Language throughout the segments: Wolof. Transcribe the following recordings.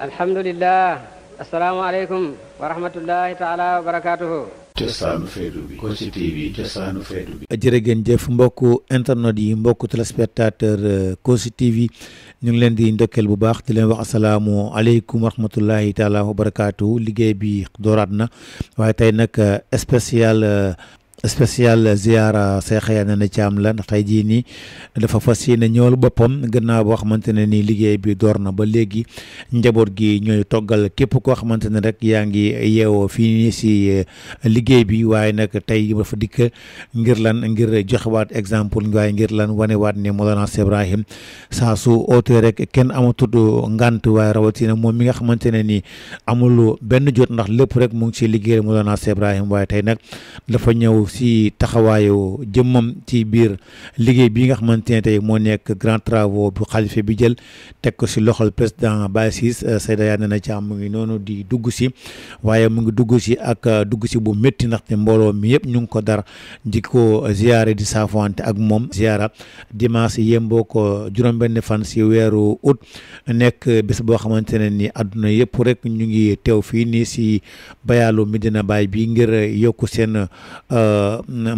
alhamdulillah asalaamaaleykum wa rahmatullahi taala wa barakaatuhu cosaanu feetu bi Kossy TV cosaanu bi jërëgeen jëf mbokku internet yi mbokku téléspectateur euh, Kossy TV ñu ngi leen di ndokkeel bu baax di leen wax asalaamu aleykum wa rahmatullahi taala wa liggéey bi dooraat na waaye tey nag euh, spécial euh, spécial ziara Cheikh Yékini Thiam la ndax tey jii nii dafa fas yéene ñëwal boppam gannaaw boo xamante ne nii liggéey bi door na ba léegi njaboot gi ñooy toggal képp koo xamante ne rek yaa ngi yeewoo fii si eh, liggéey bi waaye nag tey dafa dikk ngir lan ngir joxewaat exemple waaye ngir lan wanewaat ne Mawlana Cheikh Ibrahim saa su ootee rek kenn amatud ngant waaye rawatina moom mi nga xamante ne nii amul benn jot ndax lépp rek mu ngi si liggéey Mawlana Cheikh Ibrahim waaye tey nag dafa si taxawaayu jëmmam ci biir liggéey bi nga xamante ne tey moo nekk grand travaux bu xalife bi jël teg ko si loxol président Baye Ciss euh, Seyda yaa ne na ci am mu noonu di dugg si waaye mu ngi dugg si ak euh, dugg si bu métti te mbooloo mi yëpp ñu ngi ko dara di ko ziyaare di saafante ak moom ziyaara dimanche yemboo ko juróom-benn fan si weeru août nekk bés boo xamante ne ni àdduna yëpp rek ñu ngi teew fii nii si bayaalu Medina baay bi ngir yokku seen euh,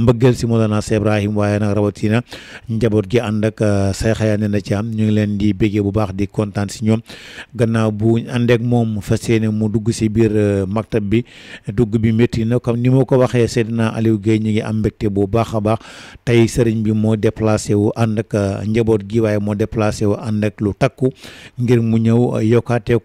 mbëggeel si Mawlana Cheikh Ibrahim waaye nag rawatina njaboot gi ànd ak sayxaya uh, ne na ci am ñu ngi leen di béggée bu baax di kontaan si ñoom gannaaw bu àndeek moom fas yéene mu dugg si biir uh, maktab bi dugg bi métti na comme ni ma ko waxee Seydina Aliou Guèye ñu ngi am mbégte bu baax a baax tey sëriñ bi moo déplacé wu ànd uh, njaboot gi waaye moo déplacé wu ànd ak lu takku ngir mu ñëw yokkaatee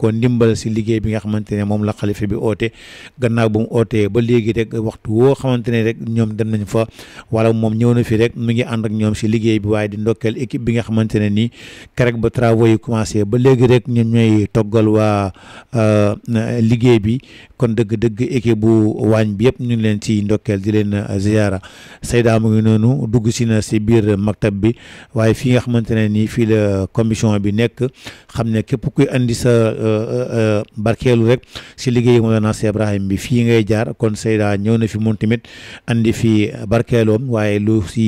si liggéey bi nga xamante ne moom la xalifa bi oote gannaaw bu mu ba léegi rek waxtu woo xamante rek ñoom dem nañ fa wala moom ñëw na fi rek mu ngi ànd ak ñoom si liggéey bi waaye di ndokkeel équipe bi nga xamante ne nii keroog ba travaux yi commencé ba léegi rek ñoom ñooy toggal waa euh, liggéey bi kon dëgg-dëgg équipe bu waañ yëpp ñu ngi leen ci ndokkeel di leen euh, ziyaara Seyda mu ngi noonu dugg si na si biir maktab bi waaye fii nga xamante ne nii fii la commission bi nekk xam ne képp kuy andi sa euh, barkeelu rek si liggéey Mawlana Cheikh Ibrahim bi fii ngay jaar kon Seyda ñëw na fi moom tamit andi fi barkeeloon waaye lu si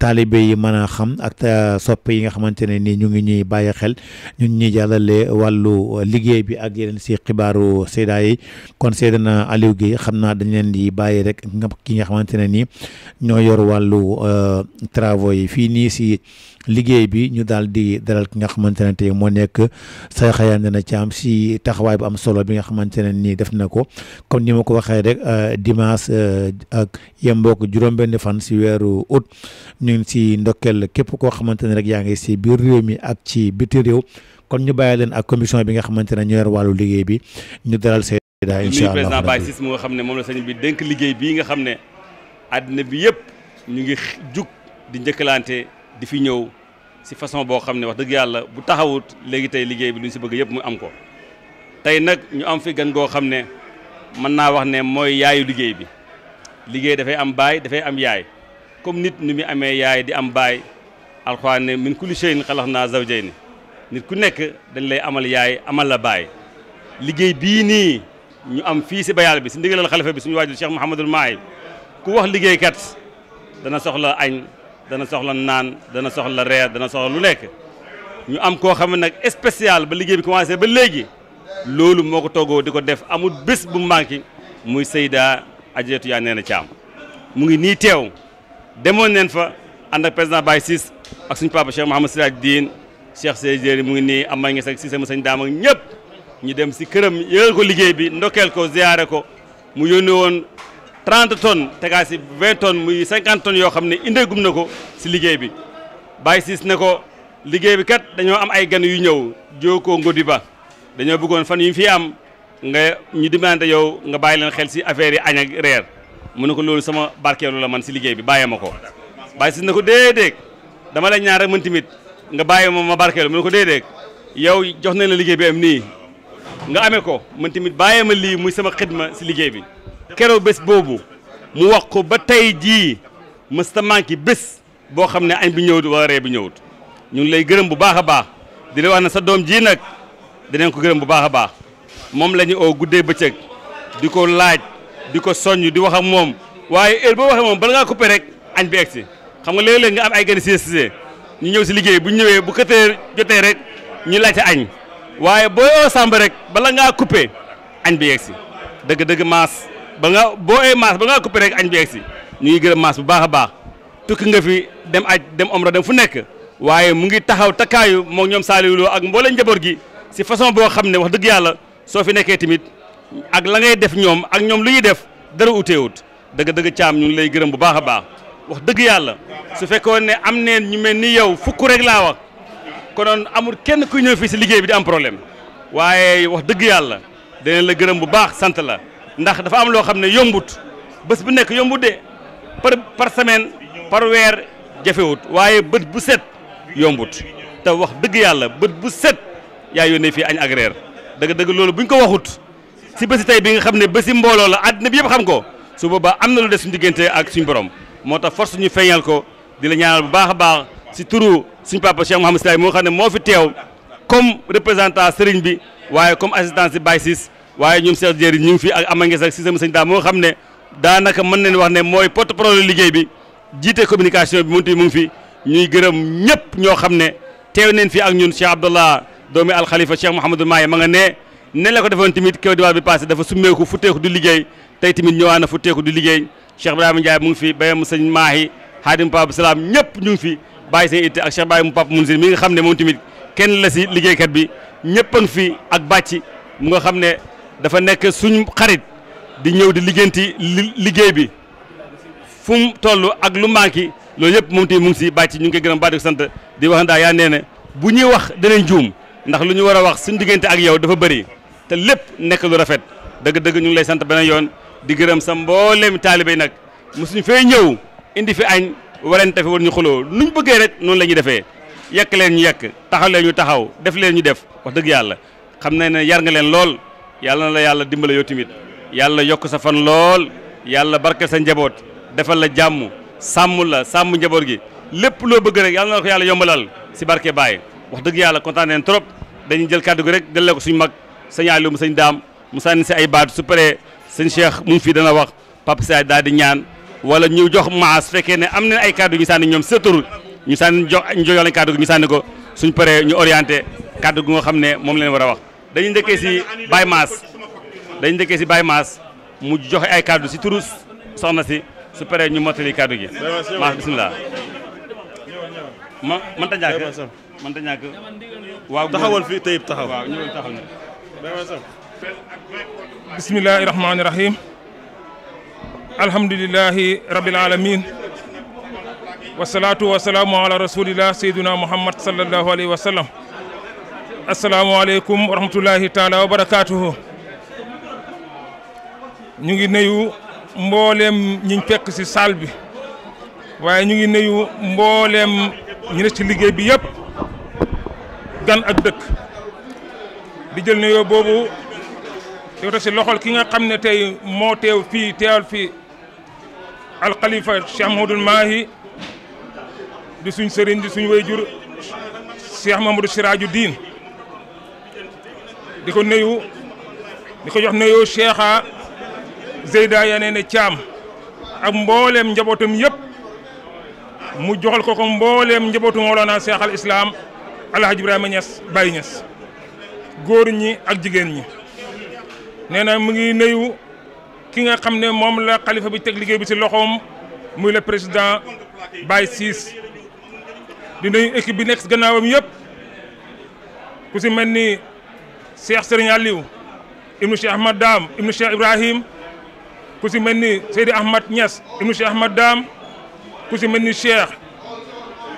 taalibe yi mën a xam ak euh, sopp yi nga xamante ne ni ñu ngi ñuy bàyyi xel ñun ñuy jàllale wàllu liggéey bi ak yeneen si xibaaru Seyda yi kon Seydina na Guèye xam naa dañ leen di bàyyi rek nga ki nga xamante ne ni ñoo yor wàllu euh, travaux yi fii si liggéey bi ñu daal di dalal ki nga xamante ne tey moo nekk Sayxa Yandé na Thiam si taxawaay bu am solo bi nga xamante ne nii def na ko comme ni ma ko waxee rek euh, dimanche euh, ak yemboog juróom-benn fan si weeru août ñu ngi si ndokkel képp koo xamante ne rek yaa ngi si biir réew mi ak ci biti réew kon ñu bàyyi leen ak bi nga xamante ne ñoo wàllu liggéey bi ñu dalal see. daa incha allah président Baye mu nga xam ne moom la sëñ bi dénk liggéey bii nga xam ne àddina bi yëpp ñu ngi jug di njëkkalante di fi ñëw. si façon boo xam ne wax dëgg yàlla bu taxawut léegi tey liggéey bi lu ñu si bëgg yëpp mu am ko tey nag ñu am fi gan goo xam ne mën naa wax ne mooy yaayu liggéey bi liggéey dafay am baay dafay am yaay comme nit ni mu amee yaay di am baay alxuraan ne min kulli shay'in xalaqnaa zawjayni nit ku nekk dañ lay amal yaay amal la baay liggéey bii nii ñu am fii si bayaal bi si ndigalal xalifa bi suñu waajur Cheikh Mouhamadul Mahi ku wax liggéeykat dana soxla dana soxla naan dana soxla reer dana soxla lu nekk ñu am koo xam nag spécial ba liggéey bi commencé ba léegi loolu moo ko toggoo di ko def amut bés bu manqué muy Seyda Adjaratou yaa nee na Thiam mu ngi nii teew demoon nen fa ànd ak président Baye Ciss ak suñu papa Cheikh Mouhamed Siraj Diine Cheikh Seydou mu ngi nii am may ngi sax si sama sëñ daam ñëpp ñu dem si këram yëgal ko liggéey bi ndokkeel ko ziyaare ko mu yónnee woon 30 tonnes tegaa si 20 muy 50 ton yoo xam ne indeegum na ko si liggéey bi Baye Ciss ne ko liggéey bi kat dañoo am ay gan yu ñëw jookoo ngodi ba dañoo bëggoon fan yu ñu fi am nga ñu demandé yow nga bàyyi leen xel si affaire yi añ ak reer mu ne ko loolu sama barkeelu la man si liggéey bi bàyyee ma ko Baye Ciss ne ko déedéet dama la ñaan rek man tamit nga bàyyi ma ma barkeelu mu ne ko déedéet yow jox nañ la liggéey bi am nii nga amee ko mën tamit bàyyee ma lii muy sama xidma si liggéey bi keroog bés boobu mu wax ko ba tey jii mësta manqué bés boo xam ne añ bu ñëwut wala ree bi ñëwut ñu ngi lay gërëm bu baax a baax di la wax na sa doom jii nag dinañ ko gërëm bu baax a baax moom lañu ñu oo guddee bëccëg di ko laaj di ko soññ di wax ak moom waaye heure boo waxee moom bala ngaa coupé rek añ bi egg xam nga léeg-léeg nga am ay gan siesise ñu ñëw si liggéey bu ñëwee bu këtee jotee rek ñu laajte añ waaye booy oo sàmb rek bala ngaa coupé añ bi egg si ba nga mas ay maas ba nga coupé rek añ bi egsi ñu ngi gërëm maas fi dem aj dem omra dem fu nekk waaye mu ngi taxaw takkaayu moom ñoom Saliou Lo ak mbooleem si façon boo xam ne wax dëgg yàlla soo fi nekkee tamit ak la def nyom ag nyom lu def dara uteewut ut, dëgg caam ñu ngi lay gërëm bu baax a baax wax dëgg su fekkoon ne amne nyume ñu mel ni yow fukk rek laa wax konoon amul kenn ku si liggéey bi di am problem, wae wax dëgg yàlla danañ la gërëm bu baax sant ndax dafa am lo xamne ne yombut bes bu nek yombut de par par semaine par wer jafewut waaye bët bu set yombut te wax dëgg yalla bët bu set ya yone fi añ ak dëgg dëgg buñ ko waxut si bési tay bi nga xamne ne mbolo la adna bi yëpp xam ko su boobaa am lu dess suñu ak suñu borom moo force ñu feñal ko di la ñaanal bu baax baax ci turu suñu papa Cheikh mohammed sallay mo xamne ne fi tew comme représentant serigne bi waaye comme assistant ci Baye 6 waaye ñun Cheikh Diéry ñu fi ak Ama Nges ak Cissé Sëñ Daa moo xam ne daanaka mën nañu wax ne mooy porte-parole liggéey bi jiite communication bi munti mu ngi fi ñuy gërëm ñëpp ñoo xam ne teew neen fii ak ñun Cheikh Abdallah doomi alxalifa Cheikh Mouhamadou Maye ma nga ne ne la ko defoon tamit kaw diwaan bi passé dafa summeeku futteeku du liggéey tey tamit ñëwaa na futteeku liggéey Cheikh Ibrahima Ndiaye mu ngi fi bayam sëñ Maahi Hadim Pape ñu ngi fi bàyyi seen itte ak Cheikh Baye mu Pape Mounzir mi nga xam ne moom tamit kenn la liggéey liggéeykat bi ñëpp a ngi fi ak bàcc mu nga xam ne dafa nekk suñu xarit di ñëw di liggéenti liggéey bi fu mu ak lu manqué loolu yëpp moom tey mu ngi si bàcc ñu ngi koy gërëm ba di sant di wax ndaa yaa nee ne bu ñuy wax deneen juum ndax lu ñu war a wax suñ diggante ak yow dafa bëri te lépp nekk lu rafet dëgg-dëgg ñu ngi lay sant beneen yoon di gërëm sa mbooleem taalibe nag mu mosuñu fay ñëw indi fi añ warante fi war ñu xuloo ñu bëggee rek noonu la ñuy defee yekk leen ñu yekk taxaw leen ñu taxaw def leen ñu def wax dëgg yàlla xam na ne yar nga leen lool yàlla na la yàlla dimbale yow tamit yàlla yokk sa fan lool yàlla barke sa njaboot defal la jàmm sàmm la sàmm njaboot gi lépp loo bëgg rek yàlla na la ko yàlla yombalal si barke Baye wax dëgg yàlla kontaan trop dañuy jël kàddu gi rek delloo ko suñu mag sëñ Aliou mu sëñ daam mu sànni si ay baat su paree sëñ Cheikh mu fii dana wax Papa Saay daal di ñaan wala ñu jox maas fekkee ne am nañ ay kàddu ñu sànni ñoom sëturu ñu sànni jox ñu kàddu gi ñu sànni ko suñ paree ñu orienté kàddu gu nga xam ne moom leen war a wax dañu njëkkee si Baye Mass dañu njëkkee si Baye Mass mu joxe ay kàddu si turu soxna si su paree ñu mottali kàddu gi Mass bisimilah. ma mënta ñàkk mënta ñàkk waaw taxawal fii tayib taxaw waaw ñëwal taxaw na bismillahi rahmaani rahim alhamdulilahi rabbil alamin wasalaatu wasalaamu ala rasulillah sayyiduna muhammad sallallahu alayhi wa sallam asalaamaaleykum wa rahmatullahi taala wa barakaatuhu ñu ngi nuyu mbooleem ñiñ fekk si salle bi waaye ñu ngi nuyu mbooleem ñi ne ci liggéey bi yëpp gan ak dëkk di jël nuyoo boobu di ko si loxol ki nga xam ne tey moo teew fii teewal fii alxalifa Cheikh Mahmadul Maahi di suñ sëriñ di suñ wayjur Cheikh Mamadou Siraaju Diin di ko nuyu di ko jox nuyu Cheikha Zeyda ya ne Thiam ak mbooleem njabootam yëpp mu joxal ko ko mbooleem njabootu Mawlana Cheikh al Islam El Hadj Ibrahima Niass Baye Niass góor ñi ak jigéen ñi. nee na mu ngi nuyu ki nga xam ne moom la xalifa bi teg liggéey bi ci loxoom muy le président Baye Ciss di nuyu équipe bi nekk gannaawam yëpp ku ci mel ni. Cheikh Serigne Aliou ibnu Cheikh Ahmad Dam ibnu Cheikh Ibrahim ku si mel ni Seydi Ahmad Niass ibnu Cheikh Ahmad Dam ku si mel ni Cheikh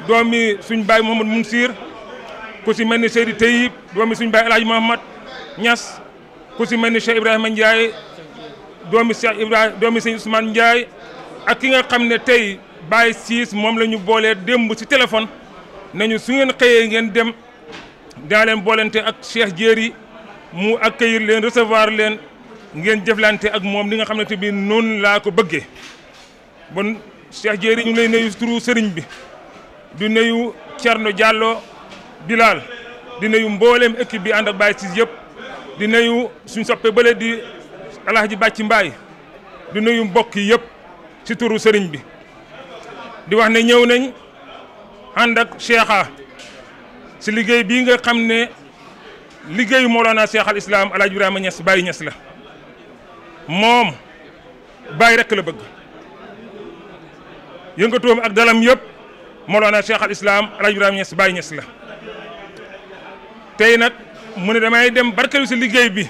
doomi suñ baay Mouhamad Mounsir ku si mel ni Seydi Tayib doomi suñ baay El Hadj Mouhamad Niass ku si mel ni Cheikh Ibrahima Ndiaye doomi Cheikh Ibrahima doomi Seydi Ousmane Ndiaye ak ki nga xam ne tey Baye Ciss moom la ñu boolee démb si téléphone nañu su ngeen xëyee ngeen dem daa leen boolente ak Cheikh Jéeri mu accueillir leen recevoir leen ngeen jëflante ak moom li nga xam ne te bii noonu laa ko bëggee bon Cheikh Jéeri ñu ngi lay nuyu turu sëriñ bi du nuyu Thierno Diallo Bilal di nuyu mbooleem équipe bi ànd ak Baye Ciss yëpp di nayu suñ soppe bële di Alaaji Bàcci Mbaay di nuyu mbokk yi yëpp ci turu sëriñ bi di wax ne ñëw nañ ànd ak Cheikha ci liggéey bii nga xam ne liggéeyu Mawlana Cheikh al Islam El Hadj Ibrahima Niass Baye Niass la moom Baye rek la bëgg yëngatoom ak dalam yëpp Mawlana Cheikh al Islam El Hadj Ibrahima Niass Baye Niass la tey nag mu ne damay dem barkeelu si liggéey bi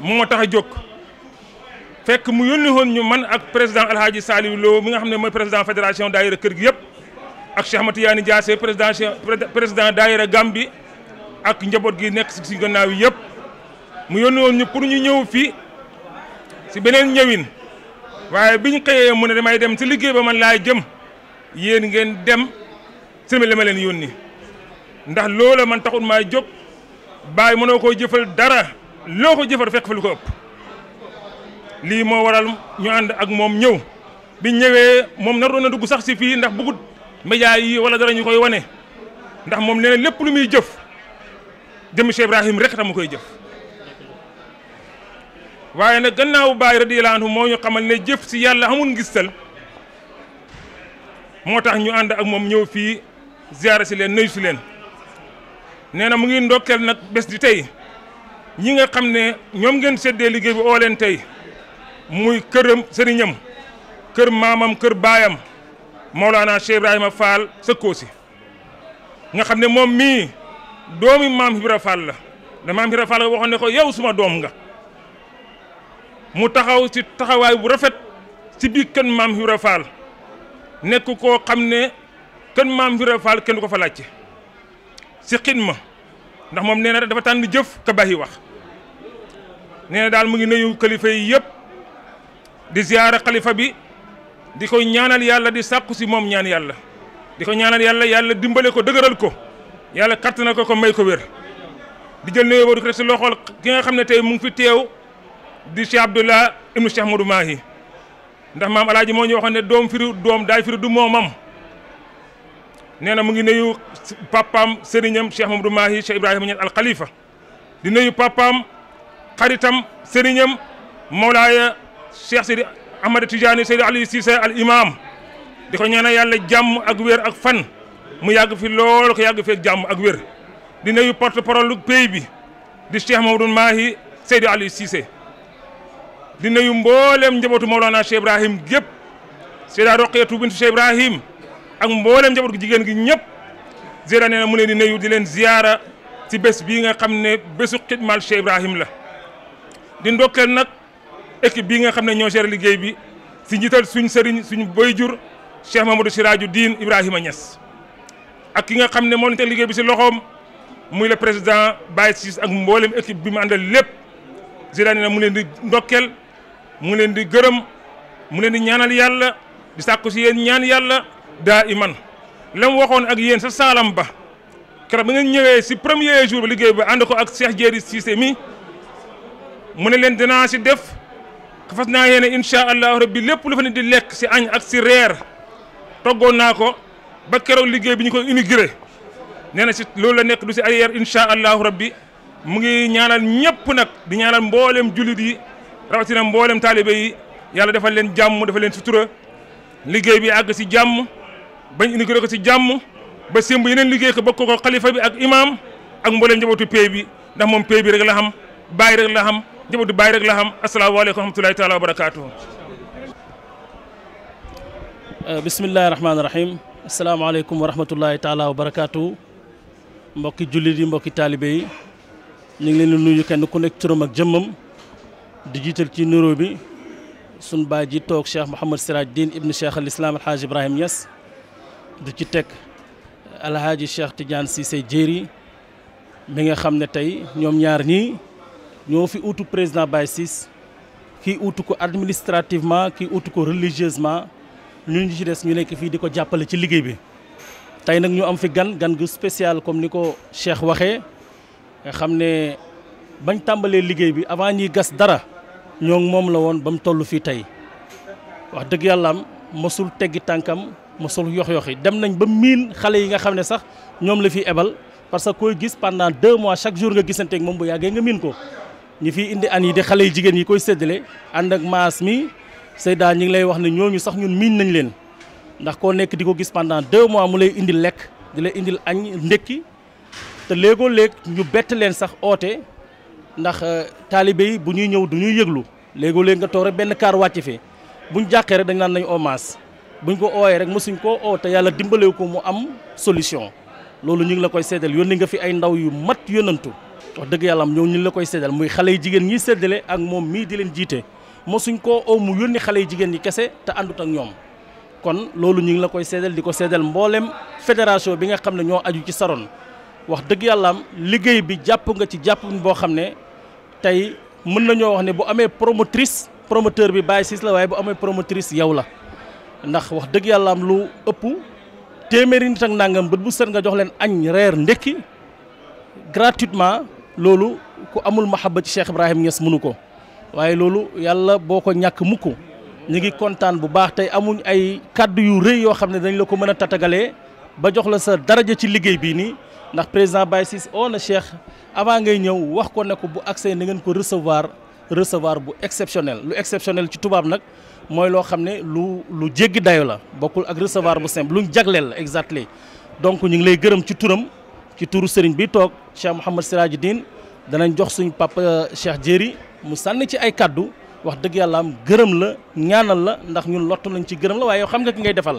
moo tax a jóg fekk mu yónni woon ñu man ak président El Hadj Saliou Lo mi nga xam ne mooy président fédération daayira kër gi yëpp ak Cheikh Matiyaani Diassé président président daayira Gambie. ak njaboot gi nekk si gannaaw yi yëpp mu yónni woon ñu pour ñu ñëw fii si beneen ñëwin waaye biñ xëyee mun a demaay dem si liggéey ba man laay jëm yéen ngeen dem sëmi la ma leen yónni ndax loola man taxul maa jóg baay mënoo koo jëfal dara loo ko jëfal fekk fa ko ëpp lii moo waral ñu ànd ak moom ñëw biñ ñëwee moom naroon na dugg sax si fii ndax bëggut média yi wala dara ñu koy wane ndax moom nee lépp lu muy jëf de monsieur Ibrahim rek tam koy jëf waye nag gannaaw Baay radiyallaahu anhu moo ñu xamal ne jëf ci yàlla amul ngistal motax ñu ànd ak mom ñëw fi ziyaara ci len nuyu si leen nee mu ngi ndokkel nak bés di tay ñi nga xamne ñom ngeen sédé ligéy bi o len tay muy këram sëriñam kër mamam kër bayam مولانا شيخ ابراهيم فال سكوسي nga xamne mom mi doomi maam Ibra Fall la da maam Ibra Fall waxoon ne ko yow suma doom nga mu taxaw ci taxawaay bu rafet ci biir kën maam Ibra Fall nekk koo xam ne kën maam Ibra Fall kenn du ko fa laajte si xin ma ndax moom nee na dafa tànn jëf ka wax nee na daal mu ngi nuyu kalifa yi yëpp di ziyaara xalifa bi di ko ñaanal yàlla di sàkku si moom ñaan yàlla di ko ñaanal yàlla yàlla dimbale ko dëgëral ko yàlla kàttan na ko ko may ko wér di jël nuyoo ba di ko ki nga xam ne tey mu ngi fi teew di Cheikh Abdoulah ibnu Cheikh Modou Mahi ndax maam alaaji moo ñu waxoon ne doom firi doom daay firi du moomam nee na mu ngi nuyu papaam sëriñam Cheikh Modou Mahi Cheikh Ibrahima Niass al Khalifa di nuyu papaam xaritam sëriñam Mawlaaya Cheikh Sidi Ahmad Tidiane Seydi Aliou Cissé al imam di ko ñaanal yàlla jàmm ak wér ak fan. mu yàgg fi loolu ko yàgg fi ak jàmm ak wér di nuyu porte parole lu pays bi di Cheikh Mamadou Mahi Seydou Aliou Cissé di nuyu mbooleem njabootu Mawlana Cheikh Ibrahim gépp Seyda Roqeetu bintu Cheikh Ibrahim ak mbooleem njabootu jigéen gi ñëpp Zeyda nee na mu leen di nuyu di leen ziyaara si bés bii nga xam ne bésu xidmal Cheikh Ibrahim la di ndokkeel nag équipe bii nga xam ne ñoo géré liggéey bi si njiital suñ sëriñ suñu boy jur Cheikh Mamadou Siraju Diin Ibrahima Niass ak ki nga xam ne moonte liggéey bi si loxoom muy la président Baye Ciss ak mboolem équipe bi mu àndal lépp Zidane na mu leen di ndokkeel mu leen di gërëm mu leen di ñaanal yàlla di sàkku si yéen ñaan yàlla daa iman la mu waxoon ak yéen sa saalam ba keroog ba ngeen ñëwee si premier jour ba liggéey bi ànd ko ak Cheikh Diéry Cissé mi mu ne leen dinaa si def fas naa yéene incha allah rabbi lépp lu fa ne di lekk si añ ak si reer toggoon ko ba liggey liggéey bi ñu ko inauguré nee ci si loolu la nekk du ci arrière insha allah rabbi mu ngi ñaanal ñëpp nak di ñaanal mboolem julit yi rawati na mboolem talibe yi yàlla defal leen jàmm defal leen sutura liggey bi ag ci jàmm bañ inauguré ko ci jàmm ba sémb yeneen liggey ko bokko ko khalifa bi ak imam ak mboolem njabootu pey bi ndax mom pey bi rek la xam bay rek la xam njabootu bay rek la xam asalaamaaleykum wa rahmatulahi taala wa بسم الله الرحمن الرحيم السلام عليكم ورحمة الله تعالى وبركاته مبكي جليدي مبكي طالبي نيجي نلوي كأنه كونكتور مجمم ديجيتال تينوروي سن باجي توك شيخ محمد سراج الدين ابن شيخ الإسلام الحاج إبراهيم ياس ديجيتك الحاج شيخ تيجان سيسي جيري مين خام نتاي نيوم نيارني نيوم في أوتو بريزنا بايسيس كي أوتو كو أدمينستراتيفما كي أوتو كو ريليجيزما ñu ñi ci des ñu nekk fii di ko jàppale ci liggéey bi tey nag ñu am fi gan gan gu spécial comme ni ko Cheikh waxee nga xam ne bañ tàmbalee liggéey bi avant ñuy gas dara ñoom moom la woon ba mu toll fii tey wax dëgg yàlla am mosul teggi tànkam mosul yox yi dem nañ ba miin xale yi nga xam ne sax ñoom la fi ebal parce que koy gis pendant deux mois chaque jour nga gisanteek moom bu yàggee nga miin ko ñu fi indi an yi di xale yu jigéen yi koy séddale ànd ak maas mi Seyda ñi ngi lay wax ne ñooñu sax ñun miin nañ leen ndax koo nekk di ko gis pendant deux mois mu lay indi lekk di lay indil añ ndékki te léegoo léeg ñu bett leen sax oote ndax euh, taalibe yi bu ñuy ñëw du ñuy yëglu léegoo léeg nga toog rek benn kaar wàcc bu buñ jàqee rek dañ naan nañ bu buñ ko ooyee rek mosuñ koo oote yàlla dimbalewu ko mu am solution loolu ñu ngi la koy seddal yónni nga fi ay ndaw yu mat yónnantu wax dëgg yàlla am ñoo ñu ngi la koy seddal muy xale yu jigéen ñiy seddale ak moom mii di leen jiite mosuñ koo oo mu yónni xale yu jigéen ñi kese te àndut ak ñoom kon loolu ñu ngi la koy seddal di ko seddal mboolem fédération bi nga xam ne ñoo aju ci Saron wax dëgg yàllaam liggéey bi jàpp nga ci jàpp boo xam ne tey mën nañoo wax ne bu amee promotrice promoteur bi Baye Ciss la waaye bu amee promotrice yow la ndax wax dëgg yàllaam lu ëpp téeméeri nit ak nangam bët bu set nga jox leen añ reer ndekki gratuitement loolu ku amul ma mahabba ci Cheikh Ibrahim Niass mënu ko. waaye loolu yàlla boo ko ñàkk mukk ñu ngi kontaan bu baax tey amuñ ay kàddu yu rëy yoo xam ne dañ la ko mën a tatagalee ba jox la sa daraja ci liggéey bii nii ndax président Baye Ciss oo oh na Cheikh avant ngay ñëw wax ko ne ko bu accès na ngeen ko recevoir recevoir bu exceptionnel lu exceptionnel ci tubaab nag mooy loo xam ne lu lu jéggi dayo la bokkul ak recevoir bu simple luñ jagleel la exactement donc ñu ngi lay gërëm ci turam ci turu sëriñ bi toog Cheikh Mouhamed Siraji Dine danañ jox suñ papa Cheikh Jéeri mu sànni ci ay kàddu wax dëgg yàlla am gërëm la ñaanal la ndax ñun lottu nañ ci gërëm la waaye xam nga ki ngay defal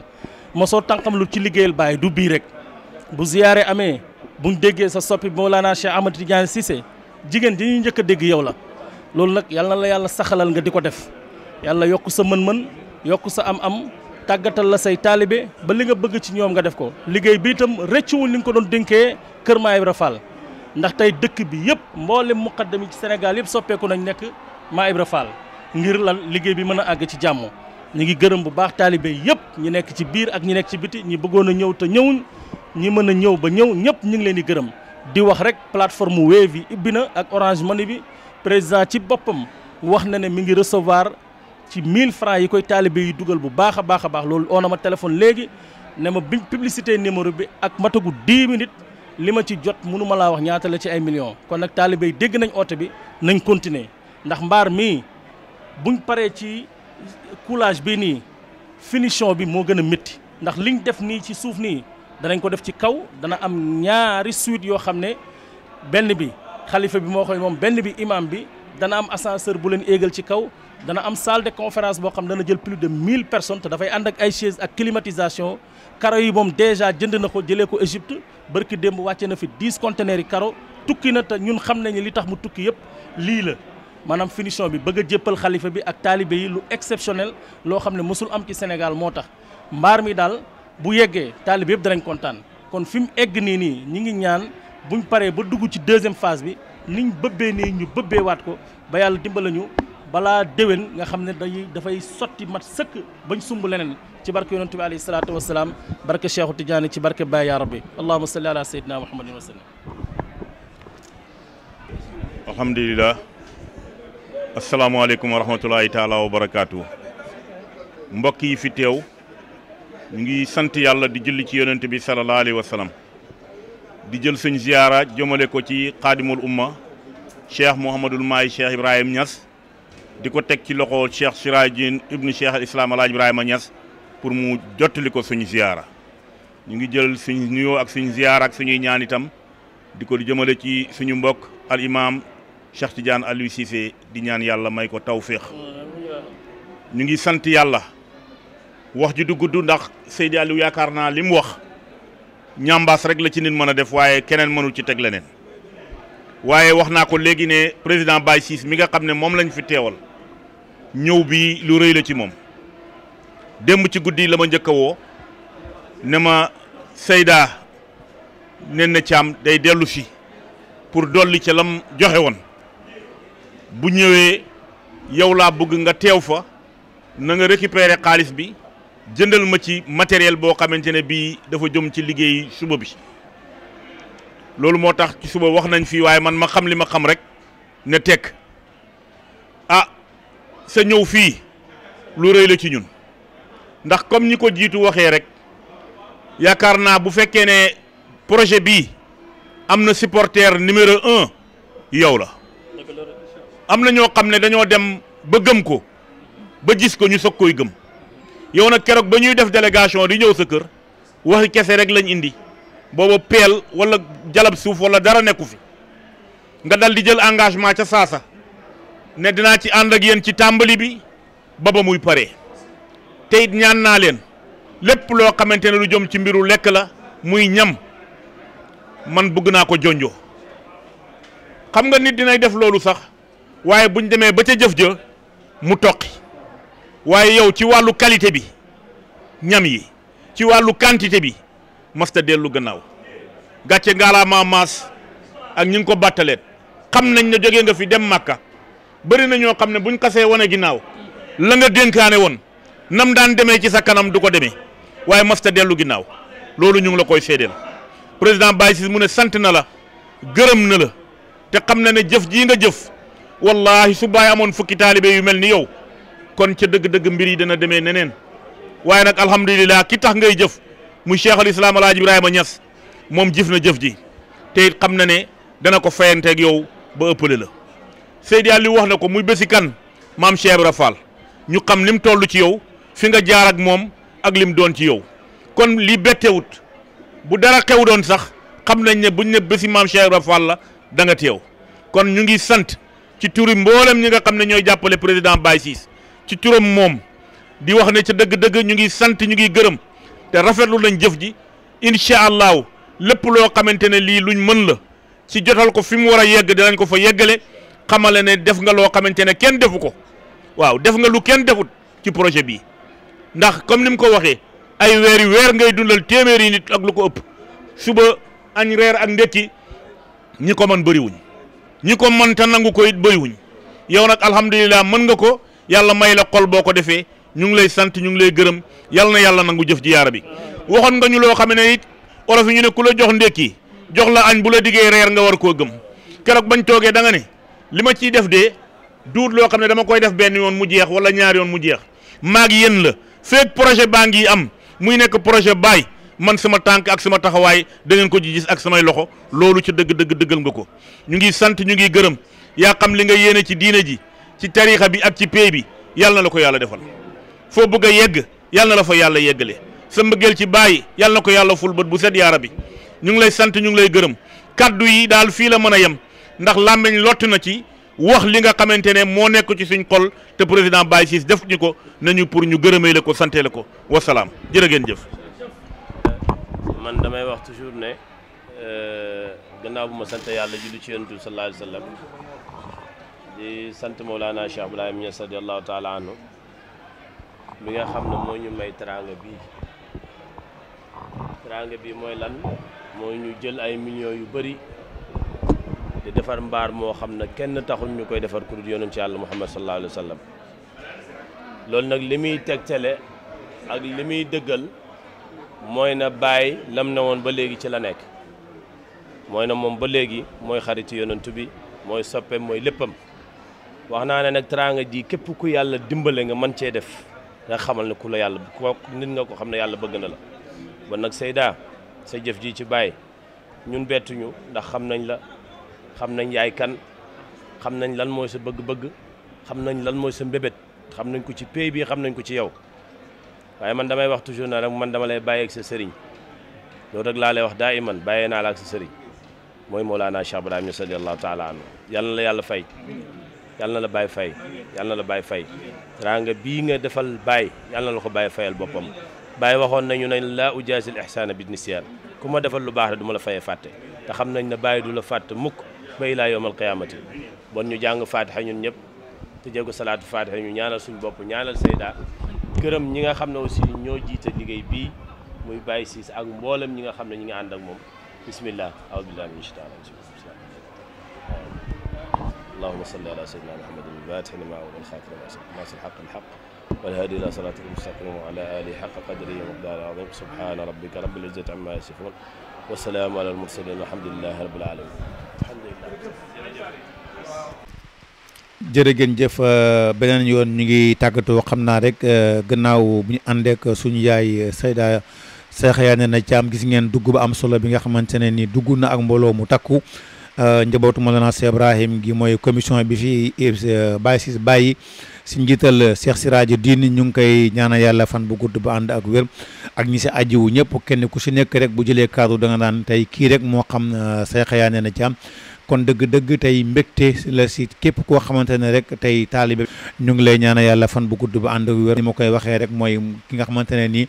mosoo tànkam lu ci liggéeyal bàyyi du bii rek bu ziyaare amee buñ déggee sa soppi Mawlana Cheikh Ahmed si Cissé jigéen ji ñuy njëkk a dégg yow la loolu nag yal na la yàlla saxalal nga di ko def yàlla yokk sa mën-mën yokk sa am-am tàggatal la say taalibe ba li nga bëgg ci ñoom nga def ko liggéey bi itam rëccuwul li nga ko doon dénkee Kër Maay Ibra ndax tey dëkk bi yëpp mboolem muqaddam yi ci Sénégal yëpp soppeeku nañ nekk maa Ibra Fall ngir lan liggéey bi mën a àgg ci jàmm ñu ngi gërëm bu baax taalibe yëpp ñi nekk ci biir ak ñi nekk ci biti ñi bëggoon a ñëw te ñëwuñ ñi mën a ñëw ba ñëw ñëpp ñu ngi leen di gërëm di wax rek plateforme Wave yi ibbi na ak Orange Money bi président ci boppam wax na ne mi ngi recevoir ci 1000 francs yi koy taalibe yi dugal bu baax a baax a loolu oo na ma téléphone léegi ne ma biñ publicité numéro bi ak matagu 10 minutes li ma ci jot mënuma laa wax ñaata la ci ay millions kon nag taalibe yi dégg nañ oote bi nañ continuer ndax mbaar mii buñ paree ci coulage bi nii finition bi moo gën a métti ndax liñ def nii ci suuf nii danañ ko def ci kaw dana am ñaari suite yoo xam ne benn bi xalifa bi moo koy moom benn bi imam bi dana am ascenseur bu leen éegal ci kaw dana am salle de conférence boo xam dana jël plus de 1000 personnes te dafay ànd ak ay chaise ak climatisation caro yi moom déjà jënd na ko jëlee ko Égypte barki démb wàcce na fi 10 conteneurs yi caro tukki na te ñun xam nañu li tax mu tukki yëpp lii la maanaam finition bi bëgg a jéppal xalifa bi ak taalibe yi lu exceptionnel loo xam ne mosul am ci Sénégal moo tax mbaar mi daal bu yeggee taalibe yëpp danañ kontaan kon fi mu egg nii ñi ngi ñaan buñ paree ba dugg ci deuxième phase bi niñ bëbbee nii ñu bëbbee waat ko ba yàlla dimbala balaa déwén nga xam ne day dafay sotti mat sëkk bañ sumb leneen ci barke yonente bi alayhi salaatu wasalaam barke Cheikhu Tidiane ci barke Baye yaa rabbi allahuma salli ala sayyidina muhammadin wa sallam alhamdulilah wa barakaatu mbokk yi fi teew ngi sant yàlla di julli ci yonente bi salallahu alayhi wa di jël suñ ziyaara jëmale ko ci xaadimul umma cheikh mouhamadul maay cheikh ibrahim ñas di ko teg ci loxo Cheikh Sirajin ibnu Cheikh al Islam Alaaji Ibrahima Niass pour mu jottali ko suñu ziyaara ñu ngi jël suñu nuyoo ak suñu ziyaara ak suñuy ñaan itam di ko jëmale ci suñu mbokk al imaam Cheikh Tidiane Aliou di ñaan yàlla may ko tawféex ñu ngi sant yàlla wax ji du gudd ndax Seydi Aliou yaakaar naa li mu wax ñambaas rek la ci nit mën a def waaye keneen mënul ci teg leneen waaye wax naa ko léegi ne président Baye Ciss mi nga xam ne moom lañu fi teewal ñëw bi lu rëy la ci moom démb ci guddi la ma njëkk woo ne ma Seyda nen na Thiam day dellu si pour dolli ca lam joxe woon bu ñëwee yow laa bëgg nga teew fa na nga récupérer xaalis bi jëndal ma ci matériel boo xamante ne bii dafa jëm ci liggéey suba bi loolu moo tax ci suba wax nañ fii waaye man ma xam li ma xam rek ne tekk a ah, sa ñëw fii lu rëy la ci ñun ndax comme ñi ko jiitu waxee rek yaakaar naa bu fekkee ne projet bii am na supporter numéro un yow la am na ñoo xam ne dañoo dem ba gëm ko ba gis ko ñu soog koy gëm yow nag keroog ba ñuy def délégation di ñëw sa kër waxi kese rek lañ indi booba peel wala jalab suuf wala dara nekku fi nga dal di jël engagement ca saasa ne dinaa ci ànd ak yéen ci tàmbali bi ba ba muy pare tey it ñaan naa leen lépp loo xamante ne lu jëm ci mbiru lekk la muy ñam man bëgg naa ko jonjoo xam nga nit dinay def loolu sax waaye buñ demee ba ca jëf ja mu toqi waaye yow ci wàllu qualité bi ñam yi ci wàllu quantité bi masta dellu gannaaw gàcce ngaalaamaa maas ak ñi ngi ko bàttaleet xam nañ ne jógee nga fi dem màkka bëri na ñoo xam ne buñ xasee wane ginnaaw la nga dénkaane woon nam daan demee ci sa kanam du ko demee waaye masta dellu ginnaaw loolu ñu ngi la koy seedeel président Baye Ciss mu ne sant na la gërëm na la te xam na ne jëf jii nga jëf wallaahi su Baye amoon fukki taalibe yu mel ni yow kon ca dëgg-dëgg mbir yi dana demee neneen waaye nag alhamdulilah ki tax ngay jëf muy cheikhul islam alaaji Ibrahima Niass moom jëf na jëf ji te xam na ne dana ko fayanteeg yow ba ëppale la Seydi Aliou wax na ko muy bési kan maam Cheikh Ibra Fall ñu xam mu toll ci yow fi nga jaar ak moom ak li mu doon ci yow kon li bettewut bu dara xew doon sax xam nañ ne buñ ne bési maam Cheikh Ibra la danga nga teew kon ñu ngi sant ci turi mboolem ñi nga xam ne ñooy jàppale président Baye Ciss ci turam moom di wax ne ca dëgg-dëgg ñu ngi sant ñu ngi gërëm. te rafetlu nañ jëf ji incha allahu lépp loo xamante ne lii luñ mën la si jotal ko fi mu war a yegg dinañ ko fa yeggale xamale ne def nga loo xamante ne kenn defu ko waaw def nga lu kenn defut ci projet bii ndax comme ni mu ko waxee ay weeri weer ngay dundal téeméeri nit ak lu ko ëpp suba añ reer ak ndekki ñi ko mën bëriwuñ ñi ko mën ta nangu ko it bëriwuñ yow nag alhamdulilah mën nga ko yàlla may la xol boo ko defee ñu ngi lay sant ñu ngi lay gërëm yal na yalla nangu jëf ji yaara bi waxoon nga ñu lo xam ne it olof ñu ne ku la jox ndékki jox la añ bu la diggee reer nga war ko gëm kërok bañ toogee da nga ne lima ci def dé duut lo xam dama koy def ben yoon mu jeex wala ñaar yoon mu jeex maag yeen la fek projet am muy neko projet bay man sama tank ak sama taxaway da ngeen ko ji gis ak sama loxo lolu ci deug deug deugal nga ko ñu ngi sant ñu ngi gërëm ya xam li nga yene ci diina ji ci tariixa bi ak ci pey bi yalla la ko yalla defal foo bëgg a yegg yal na la fa yàlla yeggale sa mbëggeel ci bàyyi yal na ko yàlla ful bët bu set yaara bi ñu ngi lay sant ñu ngi lay gërëm kaddu yi daal fii la mën a yem ndax làmmiñ lott na ci wax li nga xamante ne moo nekk ci suñ xol te président Baye Ciss def ñu ko nañu pour ñu gërëmee la ko santee la ko wasalaam jërë ngeen jëf. damay wax toujours ne euh, gannaaw bu ma sant yàlla julli ci yonent bi sallallahu alayhi wa sallam di mi nga xam ne moo ñu may teraanga bii teraanga bii mooy lan mooy ñu jël ay millions yu bari di defar mbaar moo xam ne kenn taxul ñu koy defar ku dul yonent ci àll muhammad sallallahu alayhi wa sallam loolu nag li muy tegtale ak li muy dëggal mooy na bàyyi lam ne woon ba léegi ci la nekk mooy na moom ba léegi mooy xaritu yonent bi mooy soppeem mooy léppam wax naa ne nag teraanga ji képp ku yàlla dimbale nga man cee def nga xamal ne ku la yàlla ko nit nga ko xam ne yàlla bëgg na la ba nag seydaa sa jëf ji ci bàyyi ñun bettuñu ndax xam nañ la xam nañ yaay kan xam nañu lan mooy sa bëgg-bëgg xam nañ lan mooy sa mbébét xam nañ ko ci pay bi xam nañ ko ci yow waaye man damay wax toujours na rek man dama lay bàyyeeg sa sëriñ loolu rek laa lay wax daa iman bàyyee naa la ak sa sëriñ mooy Mawlana Cheikh Ibrahim Niass radiyallahu taala anhu yàlla la yàlla fay yàlla na la bàyyi fay yàlla na la bàyyi fay teraanga bii nga defal bàyyi yàlla na la ko bàyyi fayal boppam bàyyi waxoon nañu ne laa ujaasil ihsaana bi nisyaan ku ma defal lu baax rek duma la fayee fàtte te xam nañ ne bàyyi du la fàtte mukk ba ilaa yawmal qiyaamati bon ñu jàng faatixa ñun ñëpp te jéego salaatu faatixa ñu ñaanal suñu bopp ñaanal Seyda gërëm ñi nga xam ne aussi ñoo jiite liggéey bii muy bàyyi siis ak mboolem ñi nga xam ne ñi nga ànd ak moom bismillah aoudu اللهم صل على سيدنا محمد الفاتح لما أول الخاتم الناس الحق الحق والهادي إلى صلاة المستقيم وعلى آله حق قدره ومقداره العظيم سبحان ربك رب العزة عما يصفون والسلام على المرسلين والحمد لله رب العالمين الحمد لله jërëgën jëf beneen yoon ñu ngi tàggatoo xam rek gannaaw bu ñu àndeek suñu yaay Seyda Cheikh yaa ne na Thiam gis ngeen dugg ba am solo bi nga ni dugg na ak mu takku Euh, njabootu Mawlana Cheikh Ibrahim gi mooy commission bi fi eh, Baye Ciss bàyyi si njiital eh, Cheikh Siraji Diine ñu ngi koy ñaana yàlla fan bu gudd ba ànd ak wér ak ñi si ajiwu ñëpp kenn ku si nekk rek bu jëlee kaddu da nga naan tey kii rek moo xam say xayaa nee na jaam kon dëgg-dëgg tey mbégte la si képp koo xamante ne rek tey taalibe ñu ngi lay ñaana yàlla fan bu gudd ba ànd ak wér ni ma koy waxee rek mooy ki nga xamante ne nii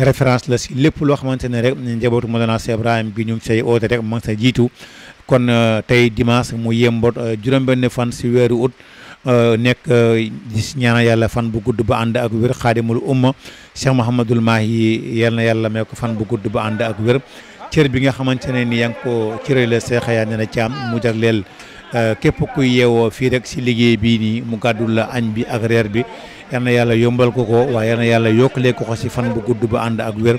référence la si lépp loo xamante ne rek njabootu Mawlana Cheikh Ibrahim bi ñu ngi say rek ma ngi sa kon euh, tay dimanche mu yembot euh, juróom ben fan si wéru août euh, nek di ñaanal yalla fan bu gudd bu and ak wér khadimul umma Cheikh mohammedul Mahi yalla yalla yàlla ko fan bu gudd bu and ak wér cër bi nga xamantene ni yang ko ko cërale Cheikh yaa ne caam mu jagleel kep ku yeewoo fi rek ci liggéey bi ni mu gadul la añ bi ak reer bi yalla yalla yombal ko ko wa yalla yalla yokle ko ko ci fan bu gudd bu and ak wér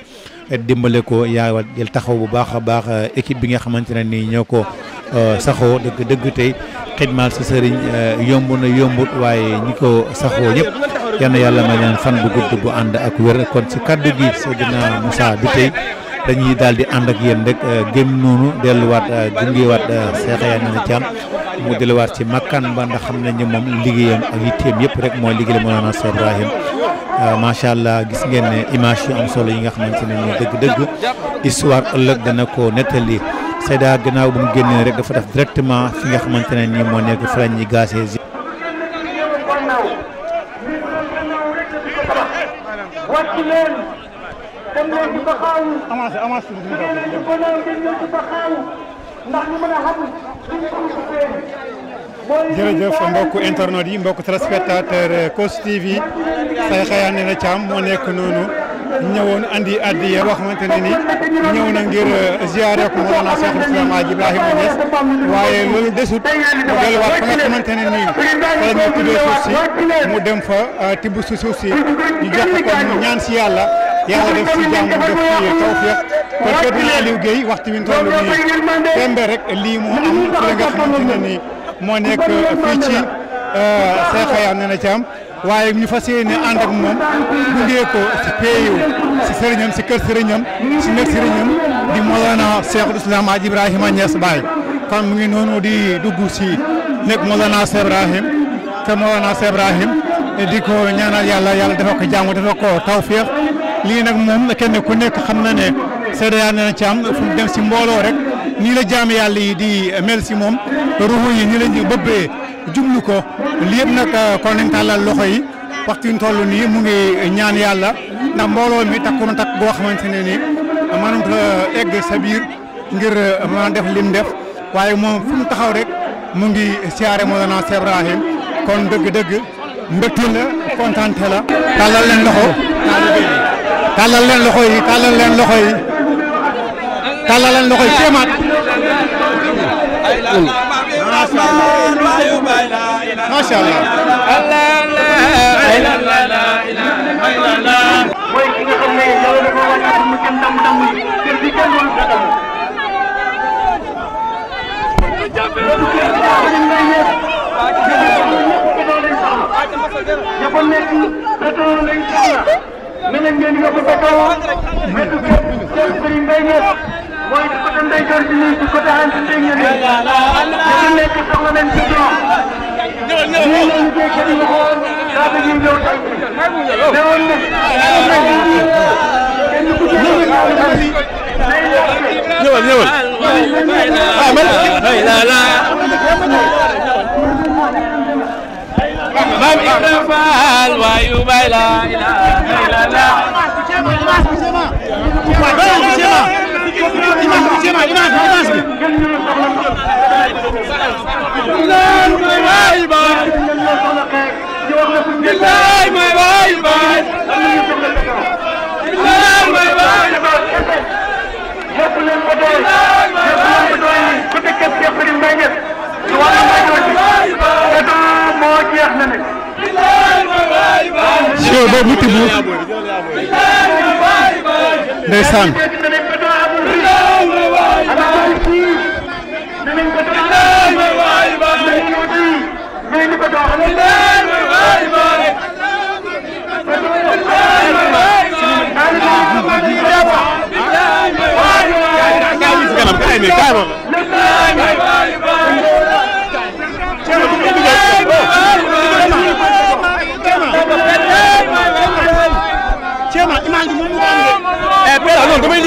dimbale ko yaawal yel taxaw bu baax baax euh, équipe bi nga xamantene ni ñoko euh, saxo deug deug tay xidmal sa serigne euh, yomb na yombut waye ñiko saxo saxoo yalla yalla ma ñaan may fan bu gudd bu and ak wër kon si kaddu gi Seydina musa bi tey dañuy daal di ànd ak yeen rek delu wat delluwaat wat Cheikh Yahya Thiam mu wat ci makkaan ba nga xamna nañ mom moom ak yitem yëpp rek mooy liggéey Mawlana Cheikh Ibrahim Euh, macha allah gis ngeen ne image yu am solo yi nga xamante ne nii dëgg-dëgg histoire ëllëg dana ko nettali Seyda gannaaw bu mu génnee rek dafa def directement fi nga xamante ne nii moo nekk fële ñi gaasee ndax ñu mën a xam jërëjëf mbokku internet yi mbokku téléspectateur euh, Kossy TV say ne na Thiam moo nekk noonu ñëwoon andi addiya boo xamante ne ni ñëw na ngir euh, ziare ko Mawlana Cheikh Islam Hadji Ibrahima Niass waaye loolu desut mu delluwaat fa nga xamante ne nii fa la si mu dem fa euh, si suuf si ñu jox ko mu ñaan si yàlla yàlla def si jàmm def si tawfiq kon képp Aliou Guèye waxtu wi ñu toll nii tembe rek lii mu am fi la nga moo nekk fii ci euh, Cheikh Nene Thiam waaye ñu fas yéene ànd ak moom gunge si PAO si sëriñam si kër sëriñam si nekk sëriñam di Mawlana Cheikhul Islam Aji Ibrahima Niass Baye kon mu ngi noonu di dugg si nekk Mawlana Cheikh Ibrahim te Mawlana Cheikh Ibrahim di ko ñaanal yàlla yàlla dafa ko jàmm dafa ko nag moom kenn ku nekk xam na ne Cheikh Nene Thiam dem si mbooloo rek. nii la jaam yàlla yi di mel si moom ruuxu yi nii la ñu bëbbee jublu ko lii yëpp nag euh, kon nañ tàllal loxo yi waxtu ñu toll nii mu ngi ñaan yàlla ndax mbooloo mi takku na takk goo xamante ne nii mënut a egg sa biir ngir euh, ma def lim def waaye moom fu taxaw rek mu ngi siyaare Mawlana Cheikh Ibrahim kon dëgg-dëgg mbégte la kontaante la. tàllal leen loxo tàllal leen loxo yi tàllal leen loxo yi. tàllalal loxo yi téemaat macha allah mooy ki nga xam ne yàlla dafa wàññi ak mu jëm ndam ndam yi te li kenn loolu dara dafa nekk pétrole lay soxla ne leen ngeen yokk pétrole mais du kenn sëriñ Mbaye mooy ci côté Ndeye Dior di nii ci côté Anta Ndeye Ndiaye nii dafa nekk soxla nañ ci ñoom lii la liggéeykat yi waxoon daal dañuy ñëw tey newoon na kenn ku ci nekk xaalis bi day laajte. ñëwal ñëwal ah man la la. maam Ibrahima Fall waayu bay la Ndeysaan Kaay ma kaay ma eh Pera non damay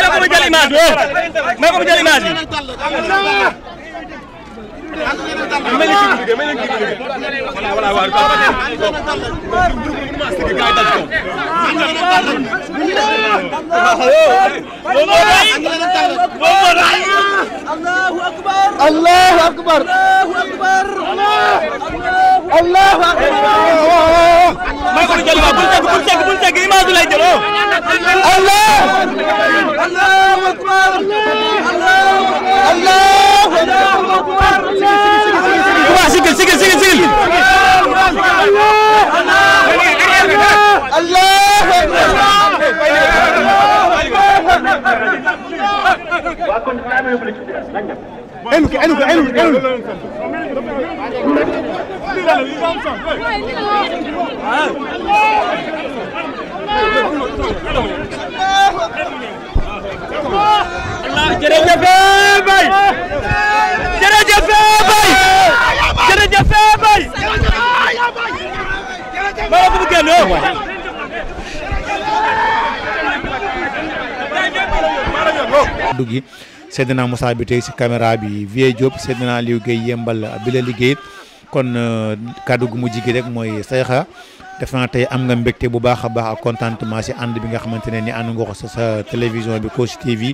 la ko mu jël image bi eh. may ko mu jël الله أكبر الله أكبر الله أكبر ما يقول جلبة بلتك بلتك بلتك إيمان لا يجلو الله الله أكبر الله الله أكبر الله سجل سجل سجل سجل الله الله الله الله maa eh? kaddu gi sedd na Moussa bi te ci camera bi Vieux Diop sedd na Aliou Guèye yembal bi la liggéey kon euh, kaddu gu mujj gi rek mooy sayxa def naa tey am nga mbégte bu baax a baax ak contentement si ànd bi nga xamante ne ni ànd nga ko sa télévision bi Kossy TV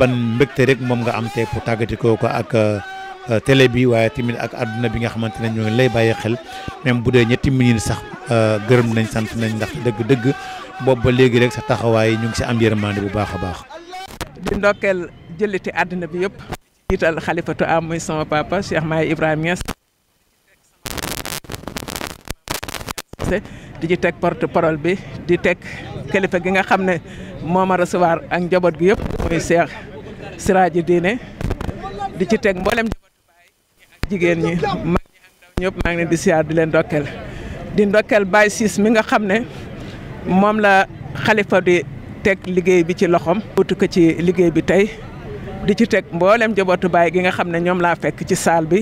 ban mbégte rek moom nga am tey pour tàggati ko ko ak. Euh, Euh, télé bi waye timit ak aduna bi nga xamantene ñu lay baye xel même bu dee ñetti minute sax euh, gërëm nañ sant nañ ndax dëgg-dëgg boobu ba légui rek sa taxaway ñu ngi ci am bu baaxa baax. di ndokkeel jëliti aduna bi yëpp. jiital khalifatu amuy sama papa Cheikh Mahi Ibrahima Niass. di ci tek porte parole bi di tek kilifa gi nga xamne moma recevoir ak njabot gi yëpp moy Cheikh Siraji dine di ci teg mboolem. jigéen ñi mag ñi ak ndaw ñëpp maa ngi leen di leen ndokkeel di ndokkeel Baye Ciss mi nga xam ne moom la xalifa di teg liggéey bi ci loxoom. wutu ko ci liggéey bi tey di ci teg mbooleem jabootu baay gi nga xam ne ñoom laa fekk ci saal bi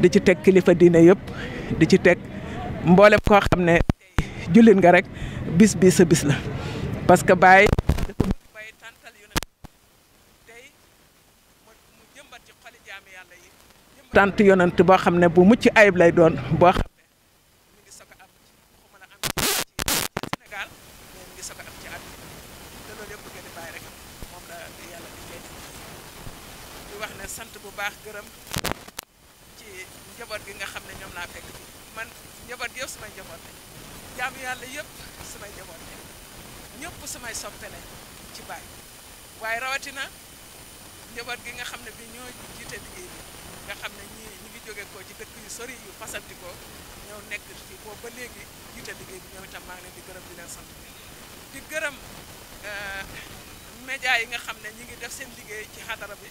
di ci teg kilifa diine yëpp di ci teg mboolem koo xam ne jullit nga rek bis bi sa bis la parce que tant yonant boo xam ne bu mucc ayib lay doon boo xam sant bu baax gërëm ci njaboot gi nga xam ne ñoom laa fekk bi man njaboot gi yëpp sumay njaboot lañ jaamu yàlla yëpp sumay njaboot lañ ñëpp sumay soppe ci bàyyi waaye rawatina njaboot gi nga xam ne bi ñoo jiite liggéey bi nga xam ne ñi ñi ngi jóge koo ci dëkk yu sori yu fasanti ko ñëw nekk ci boobu ba léegi jiite liggéey bi ñoom itam maa ngi leen di gërëm di leen sant di gërëm euh, média yi nga xam ne ñi ngi def seen liggéey ci xadara bi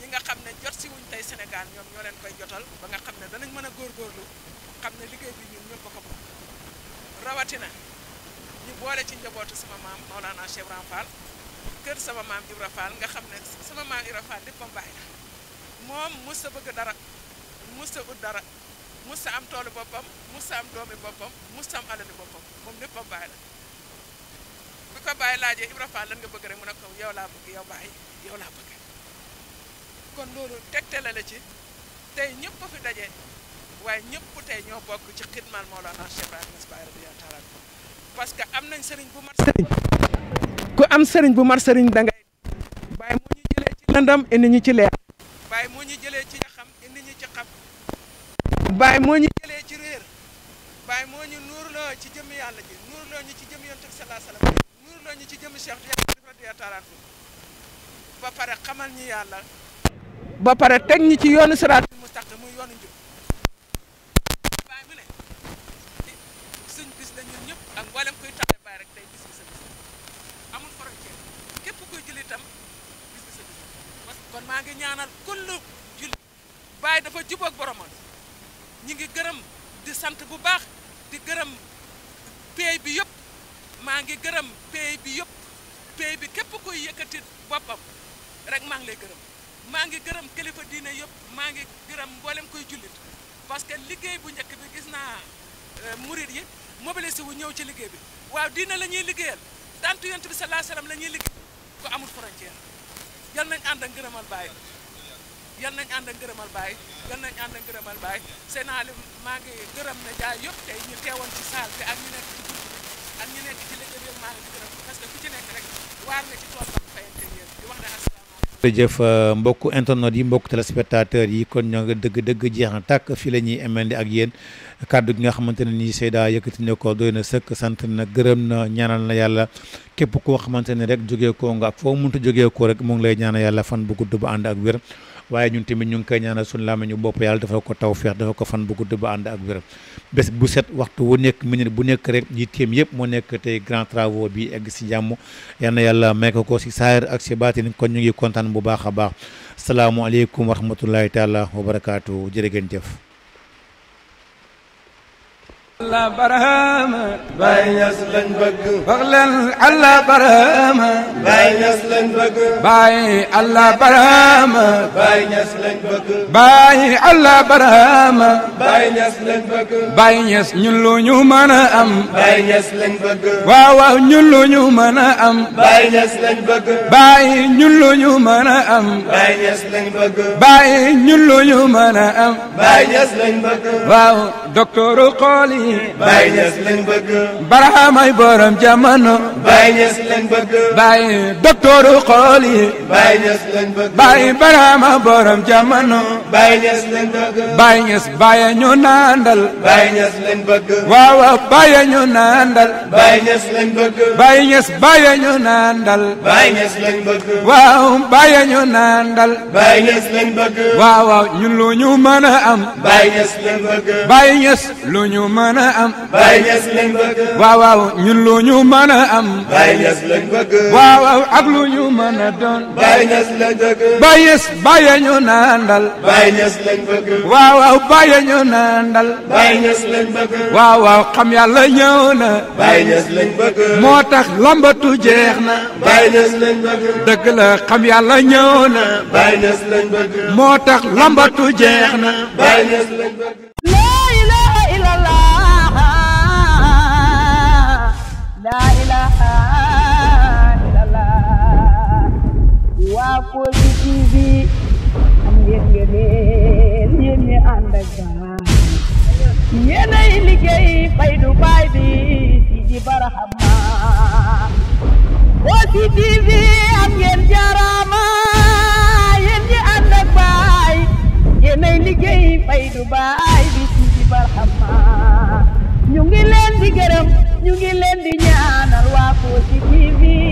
ñi nga xam ne jot si wuñ tey Sénégal ñoom ñoo leen koy jotal ba nga xam ne danañ mën a góor góorlu xam ne liggéey bi ñun ñëpp ko rawatina ñu boole ci njabootu sama maam Maolana Cheikh Ibrahima Fall kër sama maam Ibra Fall nga xam ne sama maam Ibra Fall léppam moom mës sa bëgg dara mus a ut dara mës sa am toolu boppam mës a am doomi boppam mës a am alali boppam moom lépp am bàyyi la bi ko bàyyi laajee Ibra nga bëgg rek mu a ko yow laa bëgg yow bàyyi yow laa bëgg kon loolu tegtale la ci tey ñëpp fi daje waaye ñëpp tey ñoo bokk ci xidmaal Mawlana Cheikh Ibrahima Baye radiyallahu taala parce que am nañ sëriñ bu mat sëriñ ku am sëriñ bu mat sëriñ da ngay bàyyi moo ñu jëlee ci lëndam indi ñu ci leer Baye moo ñu jëlee ci ñaxam indi ñu ci xam Baye moo ñu jëlee ci moo ñu nuurloo ci jëmm yàlla ji nuurloo ñu ci jëm yonent bi sallallahu alayhi wa sallam nuurloo ñu ci jëmm Cheikh Tidiane radiyallahu ta'ala anhu ba pare xamal ñu yàlla ba pare teg ñi ci yoonu mu mustaqim muy yoonu njub Baye mu ne suñ bis la ñun ñëpp ak mboolem kuy taxaw Baye rek tey bis kon maa ngi ñaanal kullu julli Baye dafa jubóog boromam ñi ngi gërëm di sant bu baax di gërëm pay bi yëpp maa ngi gërëm pay bi yëpp pay bi képp koy yëkkati boppam rek maa ngi lay gërëm maa ngi gërëm kilifa diine yëpp maa ngi gërëm mboolem koy jullit parce que liggéey bu njëkk bi gis naa euh, murit yi mobilisé wu ñëw ci liggéey bi waaw diina la ñuy liggéeyal tantu yonent bi sallallahu alayhi wasallam la ñuy liggéey ko amul frontière yal nañ ànd ak gërëmal baay yal nañ ànd ak ngërëmal baay yal nañ ànd ak ngërëmal baay Seynal maa ngi gërëm na jaay yëpp tey ñu teewoon ci saal bi ak ñu nekk ci dugub bi ak ñu nekk ci liggéey maa ngi gërëm parce que ku ci nekk rek waar na ci tool ba fayante yéen di wax ne jëf euh, mbokk internet yi mbokku téléspectateurs yi kon ñoo nga dëgg dëgg jeex na tàkk fi la ñuy emandi ak yéen kàddu gi nga xamante ne nii Seyda yëkkati ne ko doy na sëkk sant na gërëm na ñaanal na yàlla képp koo xamante ne rek jógee ko nga ak foo mënta jógee koo rek mu ngi lay ñaana yàlla fan bu gudd bu ànd ak wér waaye ñun tamit ñu ngi koy ñaanal suñu làmmiñu bopp yàlla dafa ko taw feex dafa ko fan bu gudd ba ànd ak wéram bés bu set waxtu wu nekk ne bu nekk rek yitteem yëpp moo nekk tey grand travaux bi egg si jàmm yal na yàlla may ko ko si saayir ak si baatin kon ñu ngi kontaan bu baax a baax salaamualeykum wa rahmatullahi taala wa barakaatu jërë ngeen jëf allah barahama Baay Ñas lañ bëgg wax leen allah barahama Baay Ñas lañ bëgg Baay allah barahama Baay Ñas lañ bëgg Baay allah barahama Baay Ñas lañ bëgg Baay Ñas ñun lu ñu mën a am Baay Ñas lañ bëgg waaw waaw ñun lu ñu mën a am Baay Ñas lañ bëgg Baay ñun lu ñu mën a am Baay Ñas lañ bëgg Baay ñun lu ñu mën a am Baay Ñas lañ bëgg waaw docteur xool yi Baay Ñas lañ bëgg barahamay borom jamono Baay Ñas lañ bëgg Baay doktooru xool yi Baay Ñas lañ bëgg Baay barahama borom jamono Baay Ñas lañ bëgg Baay Ñas bàyyi ñu naandal Baay Ñas lañ bëgg waaw bàyyi ñu naandal Baay Ñas lañ bëgg Baay Ñas bàyyi ñu naandal Baay Ñas lañ bëgg waaw bàyyi ñu naandal Baay Ñas lañ bëgg waaw waaw ñun lu ñu mën a am Baay Ñas lañ bëgg Baay Ñas lu ñu mën mën a am. Baay Ñas lañ bëgg. waaw waaw ñun lu ñu mën a am. Baay Ñas lañ bëgg. waaw waaw ak lu ñu mën a doon. Baay Ñas lañ bëgg. Baay Ñas bàyyi ñu naandal. Baay Ñas lañ bëgg. waaw waaw bàyyi ñu naandal. Baay Ñas lañ bëgg. waaw waaw xam yàlla ñëw na. Baay Ñas lañ bëgg. moo tax lambatu jeex na. Baay Ñas lañ bëgg. dëgg la xam yàlla ñëw na. Baay Ñas lañ bëgg. moo tax lambatu jeex na. Baay Ñas lañ bëgg. yéenay ay Faydu Baay bi Sidi Barhama Kossy TV am ngeen jaaraama yéen ñi ànd ak baay yéenay liggéey Faydu Baay bi Sidi Barhama ñu leen di gërëm ñu leen di ñaanal waa Kossy TV